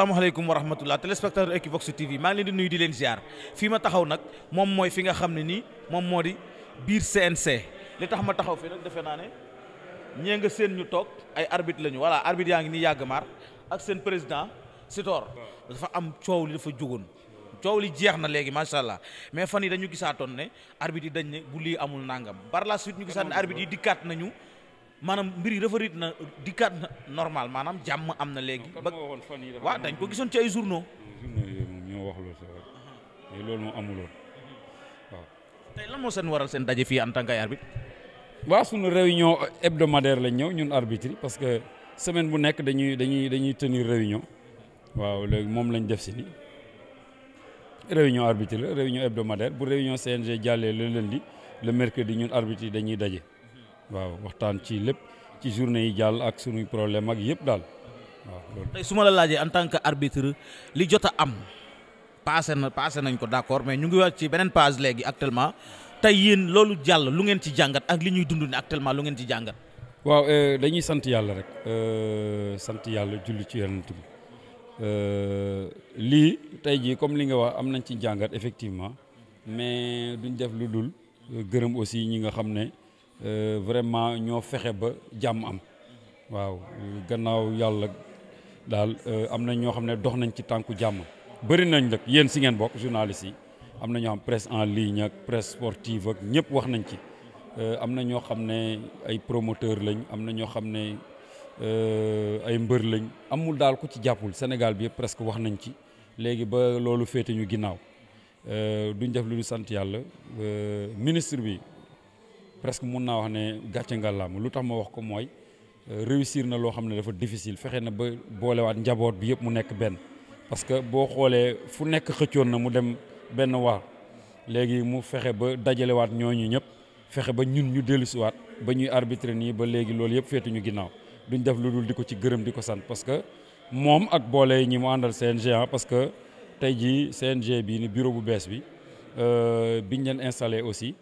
asalaamaaleykum wa rahmatullah téléspectateur Equivox TV maa ngi leen di nuyu di leen ziar fii ma taxaw nag moom mooy fi nga xam ne nii moom moo di biir CNC li tax ma taxaw fii nag defe naa ne ñee nga seen ñu toog ay arbitre lañu voilà arbitre yaa ngi nii yàgg maar ak seen président Sitor dafa am coow li dafa jógoon coow li jeex na léegi macha allah mais fan yi dañu gisaatoon ne arbitre yi dañ ne bu lii amul nangam bar la suite ñu gisaat ne arbitre yi dikkaat nañu. maanaam mbir yi rëfarit na dikkaat na normal maanaam jàmm am na léegi. ba waaw dañ ko gisoon ci ay journaux. journaux yooyu moom ñoo wax loolu sax mais loolu moo seen waral seen daje fii en tant que ay arbitre. waaw suñu réunion hebdomadaire lañ ñëw ñun arbitre parce que semaine bu nekk dañuy dañuy dañuy tenir réunion. waaw léegi moom lañ def si ni réunion arbitre la réunion hebdomadaire bu réunion CNG jàllee le lundi le mercredi ñun arbitre yi dañuy daje. waaw waxtaan ci lépp ci journée yi jàll ak suñuy problème ak yëpp daal waaw. tey su ma la laajee en tant que arbitre li jot a am passé na passé nañ ko d'accord mais ñu ngi wax ci beneen page léegi actuellement tey yéen loolu jàll lu ngeen ci jàngat ak li ñuy dund ne actuellement lu ngeen ci jàngat. waaw euh, dañuy sant yàlla rek euh, sant yàlla julli ci yonent bi euh, lii tey jii comme li nga wax am nañ ci jàngat effectivement mais duñ def lu dul gërëm aussi ñi nga xam ne. Euh, vraiment ñoo fexe ba jàmm am waaw gannaaw yàlla daal euh, am na ñoo xam ne dox nañ ci tànku jàmm bëri nañ nag yéen si ngeen bokk journalistes yi am na ñoo xam presse en ligne ak presse sportive ak ñëpp wax nañ ci euh, am na ñoo xam ne ay promoteur lañ am na ñoo xam ne ay mbër lañ amul daal ku ci jàppul Sénégal bi yëpp presque wax nañ ci léegi ba loolu féete ñu ginnaaw duñ def lu ñu sant yàlla ministre bi presque mun naa wax ne gàcce ngàllaama lu tax ma wax ko mooy euh, réussir na loo xam ne dafa difficile fexe na ba boolewaat njaboot bi yëpp mu nekk benn parce que boo xoolee fu nekk xëccoon na mu dem benn waa léegi mu fexe ba dajalewaat ñu ñëpp fexe ba ñun ñu dellusiwaat ba ñuy arbitre nii ba léegi loolu yëpp féetu ñu ginnaaw duñ def lu dul di ko ci gërëm di ko sant parce que moom ak boole yi ñi mu àndal CNG ah parce que tey jii CNG bi ni bureau bu bees bi euh, biñ leen installé aussi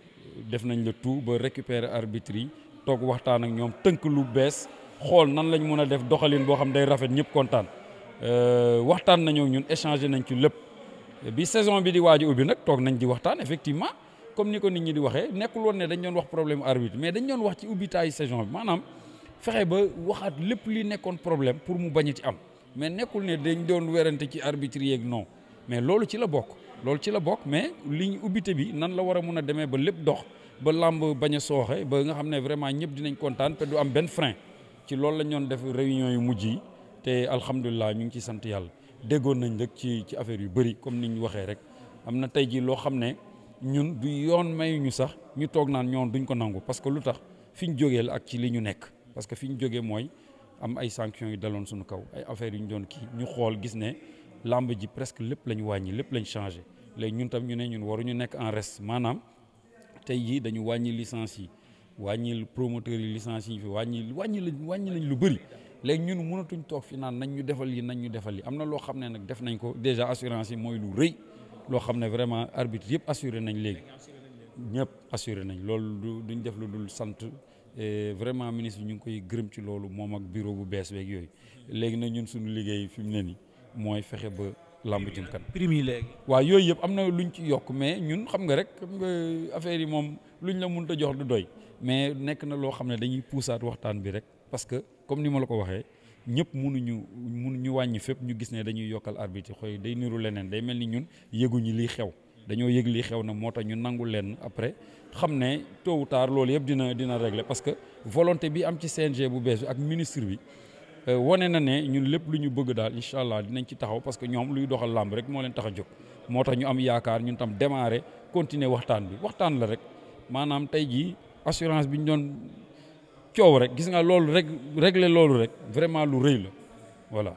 def nañ le tout ba récupérer arbitre yi toog waxtaan ak ñoom tënk lu bees xool nan lañ mun a def doxalin boo xam day rafet ñëpp kontaan euh, waxtaan nañoo ñun échanger nañ ci lépp bi saison bi di waaj ubbi nag toog nañ di waxtaan effectivement comme ni ko nit ñi di waxee nekkul woon ne dañ doon wax problème arbitre mais dañ doon wax ci ubbi taayu saison bi maanaam fexe ba waxaat lépp li nekkoon problème pour mu bañ ci am mais nekkul ne dañ doon werante ci arbitre yeeg non mais loolu ci la bokk. loolu ci la bokk mais li liñ ubbite bi nan la war a mun a demee ba lépp dox ba làmb bañ a sooxee ba nga xam ne vraiment ñëpp dinañ kontaan te du am benn frein ci loolu lañ doon def réunion yu mujj yi te alhamdulilah ñu ngi ci sant yàlla déggoon nañ rek ci ci affaire yu bëri comme ni ñu waxee rek am na tey jii loo xam ne ñun du yoon mayuñu sax ñu toog naan ñoom duñ ko nangu parce que lu tax fi ñu jógee la ak ci li ñu nekk parce que fi ñu jógee mooy am ay sanctions yu daloon suñu kaw ay affaires yu ñu doon kii ñu xool gis ne. làmb ji presque lépp lañ wàññi lépp lañu changé léegi ñun tam ñu ne ñun waruñu nekk en reste maanaam tey jii dañu wàññi licence yi wàññi promoteurs yi licence yi fi wàññi wàññi lañ wàññi lañ lu bëri léegi ñun mënatuñ toog fi naan nañ ñu defal yi nañ ñu defal yi am na loo xam ne nag def nañ ko déjà assurance yi mooy lu rëy loo xam ne vraiment arbitre yëpp assurer nañ léegi ñëpp assuré nañ loolu duñ def lu dul sant eh, vraiment ministre bi ñu ngi koy gërëm ci loolu moom ak bureau bu bees beeg yooyu léegi nag ñun suñu liggéey fi mu ne nii mooy fexe ba làmb jëm kan prime yi léegi waaw yooyu yëpp am na lu luñ ci yokk mais ñun xam nga rek xam nga affaire yi moom lu ñu la mun a jox du doy mais nekk na loo xam ne dañuy puusaat waxtaan bi rek parce que comme ni ma la ko waxee ñëpp mënuñu mënuñu wàññi fépp ñu gis ne dañuy yokkal arbitre xooy day niru leneen day mel ni ñun yëguñu lii xew dañoo yëg li xew na moo tax ñu nangu leen après xam ne tôt ou tard loolu yëpp dina dina réglé parce que volonté bi am ci CNG bu bees ak ministre bi Euh, wane na ne ñun lépp lu ñu bëgg daal incha allah dinañ ci taxaw parce que ñoom luy doxal làmb rek moo leen tax a jóg moo tax ñu am yaakaar ñun tam démarrer continuer waxtaan bi waxtaan la rek maanaam tey jii assurance bi ñu doon coow rek gis nga loolu rek régler loolu rek vraiment lu rëy la voilà.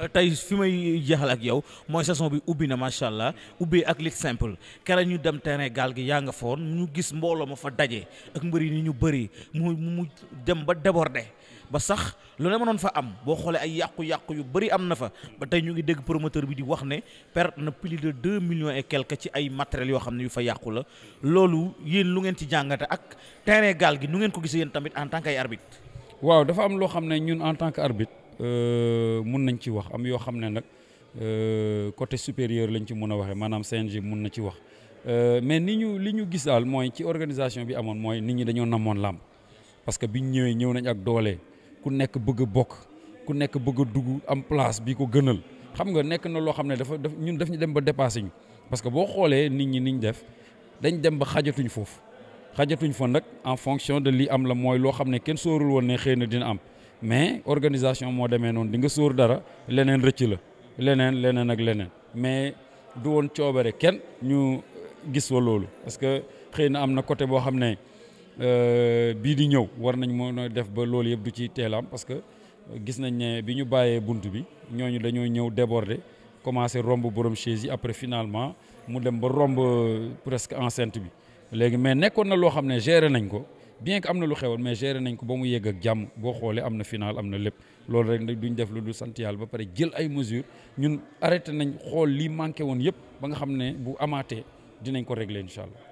Euh, tey fi may jeexal ak yow mooy saison bi ubbi na macha allah ubbee ak lit simple kere ñu dem terrain gaal gi yaa nga foon ñu gis mbooloo ma fa daje ak mbëri ni ñu bëri mu mu dem ba déborder. ba sax lu ne mënoon fa am boo xoolee ay yàqu-yàqu yu bëri am na fa ba tey ñu ngi dégg promoteur bi di wax ne perte na plus de deux millions et quelque ci ay matériels yoo xam ne yu fa yàqu la loolu yéen lu ngeen ci jàngate ak terrain gaal gi nu ngeen ko gisee yéen tamit en tant que ay arbitre. waaw dafa am loo xam ne ñun en tant que arbitre euh, mun nañ ci wax am yoo xam ne nag euh, côté supérieur lañ ci mun a waxee maanaam CNG mun na ci wax euh, mais ni ñu li ñu gis daal mooy ci organisation bi amoon mooy nit ñi dañoo namoon làmb parce que biñ ñëwee ñëw nañ ak doole. ku nekk bëgg bokk ku nekk bëgg a dugg am place bi ko gënal xam nga nekk na loo xam ne dafa daf ñun daf ñu dem ba dépassé ñu parce que boo xoolee nit ñi niñ def dañ dem ba xajatuñ foofu xajatuñ fa nag en fonction de lii am la mooy loo xam ne kenn sóorul woon ne xëy na dina am mais organisation moo demee noonu di nga sóor dara leneen rëcc la leneen leneen ak leneen mais du woon coobare kenn ñu gis wa loolu parce que xëy na am na côté boo xam ne Euh, bii di ñëw war nañ moo nooy def ba loolu yëpp du ci teelaam parce que gis nañ ne bi ñu bàyyee bunt bi ñooñu dañoo ñëw déborder commencé romb borom chaise yi après finalement mu dem ba romb euh, presque enceinte bi léegi mais nekkoon na loo xam ne géré nañ ko bien que am na lu xewoon mais géré nañ ko ba mu yegg ak jàmm boo xoolee am na final am na lépp loolu rek duñ def lu du sant yàlla ba pare jël ay mesures ñun arrêté nañ xool li manqué woon yëpp ba nga xam ne bu amaatee dinañ ko régler incha allah.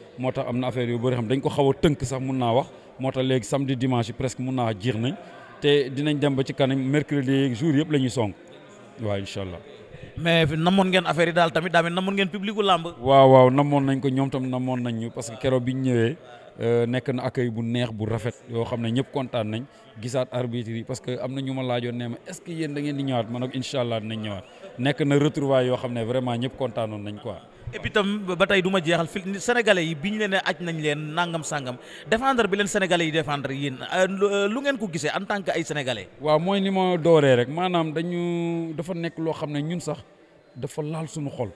moo tax am na affaire yu bëri xam dañ ko xaw tënk sax mun naa wax moo tax léegi samedi dimanche yi presque mun naa jiir nañ te dinañ dem ba ci kanam mercredi yeeg jour yëpp la ñuy song waaw incha allah. mais namoon ngeen affaire yi daal tamit daa mel namoon ngeen public gu làmb. waaw waaw namoon nañ ko ñoom tam namoon nañ ñu parce que keroog bi ñu ñëwee euh, nekk na accueil bu neex bu rafet yoo xam ne ñëpp kontaan nañ gisaat arbitre yi parce que am na ñu ma laajoon nee ma est-ce que yéen da ngeen di ñëwaat man ak yoo xam ne vraiment ñëpp kontaanoon nañ quoi. et ba tey duma jeexal fi sénégalais yi bi ñu leen aj nañ leen nangam sangam défendre bi leen sénégalais yi défendre yéen euh, euh, lu ngeen ko gisee en tant que ay sénégalais. waaw mooy ni ma dooree rek maanaam dañu dafa nekk loo xam ne ñun sax dafa laal suñu xol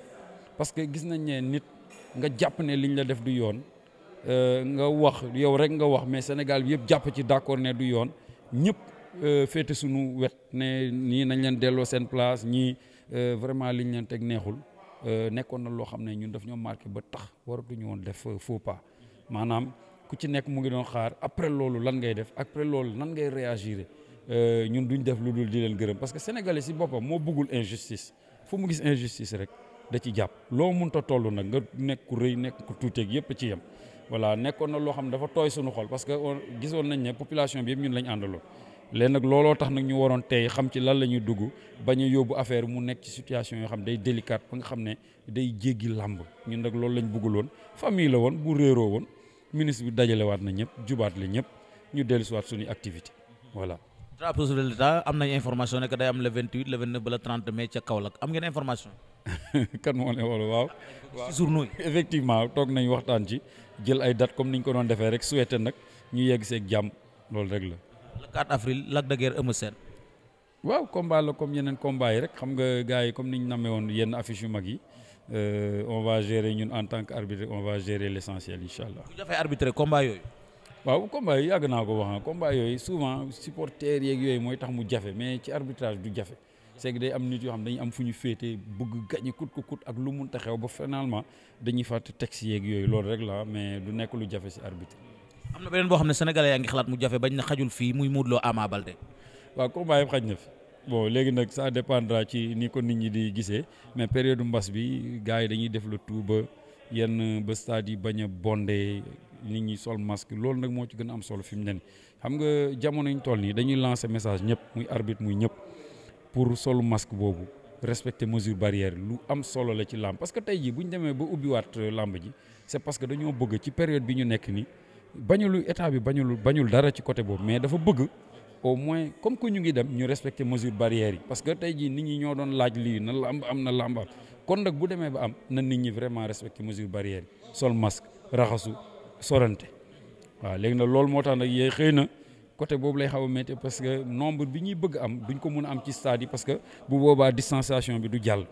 parce que gis nañ ne nit nga jàpp ne li liñ la def du yoon euh, nga wax yow rek nga wax mais Sénégal bi yëpp jàpp ci d'accord ne du yoon ñëpp féete suñu wet ne nii nañ leen delloo seen place ñii vraiment liñ leen teg neexul. Euh, nekkoon na loo xam ne ñun daf ñoo marqué ba tax waratuñu woon def euh, faux pas maanaam ku ci nekk mu ngi doon xaar après loolu lan ngay def après loolu nan ngay réagir euh, ñun duñ def lu dul di leen gërëm parce que sénégalais si boppam moo bëggul injustice fu mu gis injustice rek da ci jàpp loo mun ta tollu nag nga nekk ku rëy nekk ku tuuteeg yëpp ci yem voilà nekkoon na loo xam ne dafa tooy suñu xol parce que gisoon nañ ne population bi yëpp ñun lañ àndaloo. léegi nag looloo tax nag ñu waroon tey xam ci lan la ñuy dugg bañ a yóbbu affaire mu nekk ci situation yoo xam day délicate ba nga xam ne day jéggi làmb ñun nag loolu lañ bëggul woon famille la woon bu réeroo woon ministre bi dajalewaat na ñëpp jubaat la ñëpp ñu dellusiwaat suñuy activité voilà. drapeau de l'État am nañ information ne que day am le 28 le 29 ba le 30 mai ca Kaolack am ngeen information. kan moo ne wala waaw. ci journaux yi effectivement toog nañ waxtaan ci jël ay date comme niñ ko doon defee rek souhaité nag ñu yegg seeg jàmm loolu rek la. le 4 afril Lac de Guiers Eumeu waaw combat la comme yeneen combat yi rek xam nga gars yi comme ni ñu namee woon yenn affiche yu mag yi euh, on va gérer ñun en tant que arbitre on va gérer l' essentiel incha allah. bu ñu dafay arbitrer combat yooyu. waaw combat yi yàgg naa ko wax ah. combat yooyu souvent supporters yeeg yooyu mooy tax mu jafe mais ci arbitrage du jafe. c'est que day am nit yoo xam dañu am fu ñu féete bugg gagné kut ko kut ak lu munta xew ba finalement dañuy fàtte texte yeeg yooyu loolu rek la mais du nekk lu jafe si arbitre. am na beneen boo xam ne sénégalais yaa ngi xalaat mu jafe bañ na xajul fii muy Modou Lo Ama Baldé. waaw combat yëpp xaj na fi bon léegi nag sa dépendra ci ni ko nit ñi di gisee mais période mbas bi gars yi dañuy def le tout ba yenn ba stade yi bañ a bondé nit ñi sol masque loolu nag moo ci gën a am solo fi mu ne xam nga jamono ñu toll nii dañuy lancer message ñëpp muy arbit muy ñëpp pour solu masque boobu respecter mesure barrière lu am solo la ci làmb parce que tey jii bu ñu demee ba ubbiwaat euh, ji c'est parce que dañoo bëgg ci période bi ñu nekk nii. bañulu état bi bañul bañul dara ci côté boobu mais dafa bëgg au moins comme que ñu ngi dem ñu respecter mesure barrière yi parce que tey jii nit ñi ñoo doon laaj lii na lamb am na lamb am kon nag bu demee ba am na nit ñi vraiment respecter mesure barrière yi sol masque raxasu sorante waaw léegi nag loolu moo tax nag yee xëy na côté boobu lay xaw a métti parce que nombre bi ñuy bëgg am duñ ko mun a am ci stade yi parce que bu boobaa distanciation bi du jàll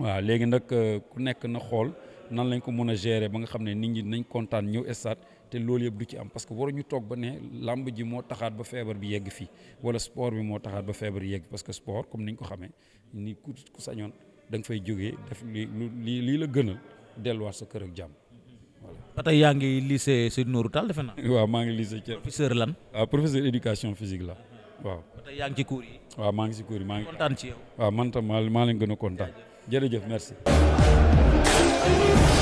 waaw léegi nag euh, ku nekk na xool nan lañ ko mun a gérer ba nga xam ne nit ñi nañ kontaan ñëw stade te loolu yëpp du ci am parce que ñu toog ba ne làmb ji moo taxaat ba feebar bi yegg fii wala sport bi moo taxaat ba feebar yegg parce que sport comme ni ñu ko xamee ni ku ku sañoon danga fay jóge def li lii lii la gënal delluwaat sa kër ak jàmm. ba yaa ngi lycée Seydou Nourou Tall defe naa. waaw maa ngi lycée Thiel professeur lan. waaw ah, professeur éducation physique la waaw. ba yaa ngi ci cours maa ngi si cours maa ngi. kontaan ci yow. waaw man tam maa maa leen gën a kontaan. jërëjëf